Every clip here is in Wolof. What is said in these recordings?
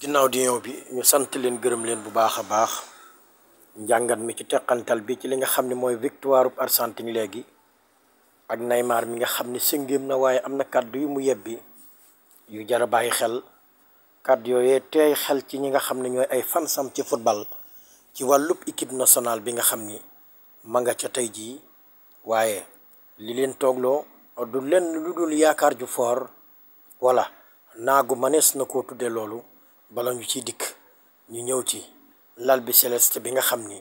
ginnaaw di ñëw bi ñu sant leen gërëm leen bu baax a baax njàngat mi ci teqantal bi ci li nga xam ne mooy victoire bu Argentine léegi ak Neymar mi nga xam ne sëngéem na waaye am na kàddu yu mu yebbi yu jara bàyyi xel kàdd yooyee teey xel ci ñi nga xam ne ñooy ay fansam ci football ci wàllub équipe national bi nga xam ni ma nga ca tey jii waaye li leen toogloo du lenn lu dul yaakaar ju foor walla naagu mënees na koo tuddee loolu bala ñu ciy dikk ñu ñëw ci lal bi céleste bi nga xam ni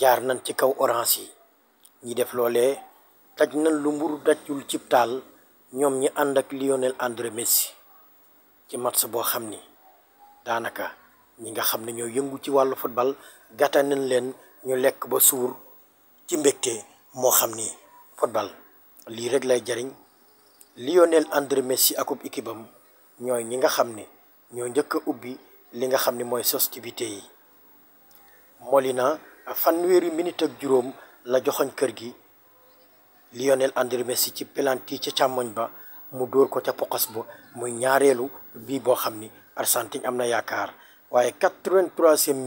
jaar nañ ci kaw orange yi ñi def loole taj nañ lu mburu dajul ci taal ñoom ñi ànd ak Lionel André Messi ci match boo xam ni daanaka ñi nga xam ne ñoo yëngu ci wàll football gàtta nañ leen ñu lekk ba suur ci mbégte moo xam ni football lii rek lay jariñ Lionel André Messi akub équipe am ñooy ñi nga xam ni ñoo njëkk a ubbi li nga xam ne mooy sostivité yi Molina fanweeri minute ak juróom la joxoñ kër gi Lionel André Messi ci pelanti ci càmmoñ ba mu dóor ko ca poqos ba muy ñaareelu bii boo xam ni Argentine am na yaakaar waaye quatre-vingt-troisième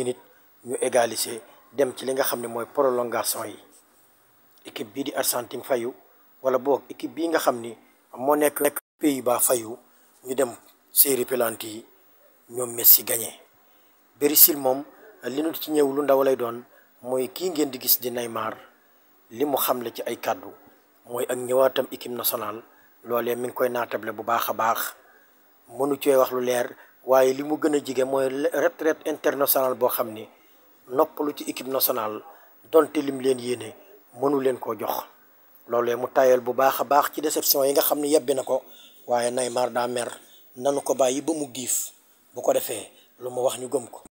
ñu égaliser dem ci li nga xam ne mooy prolongation yi équipe bii di Argentine fayu wala boog équipe bii nga xam ni moo nekk Pays-Bas fayu ñu dem série pelanti yi ñoom Messi gagné Brésil moom li nu ci ñëw lu ndaw lay doon mooy kii ngeen di gis di Neymar li mu xam xamle ci ay kàddu mooy ak ñëwaatam équipe nationale loolee mi ngi koy naatable bu baax a baax mënu cee wax lu leer waaye li mu gën a jige mooy retraite internationale boo xam ni noppalu ci équipe nationale donte lim leen yéene mënu leen koo jox loolee mu tayal bu baax a baax ci déception yi nga xam ne yebbi na ko waaye Neymar daa mer nanu ko bàyyi ba mu giif bu ko defee lu ma wax ñu gëm ko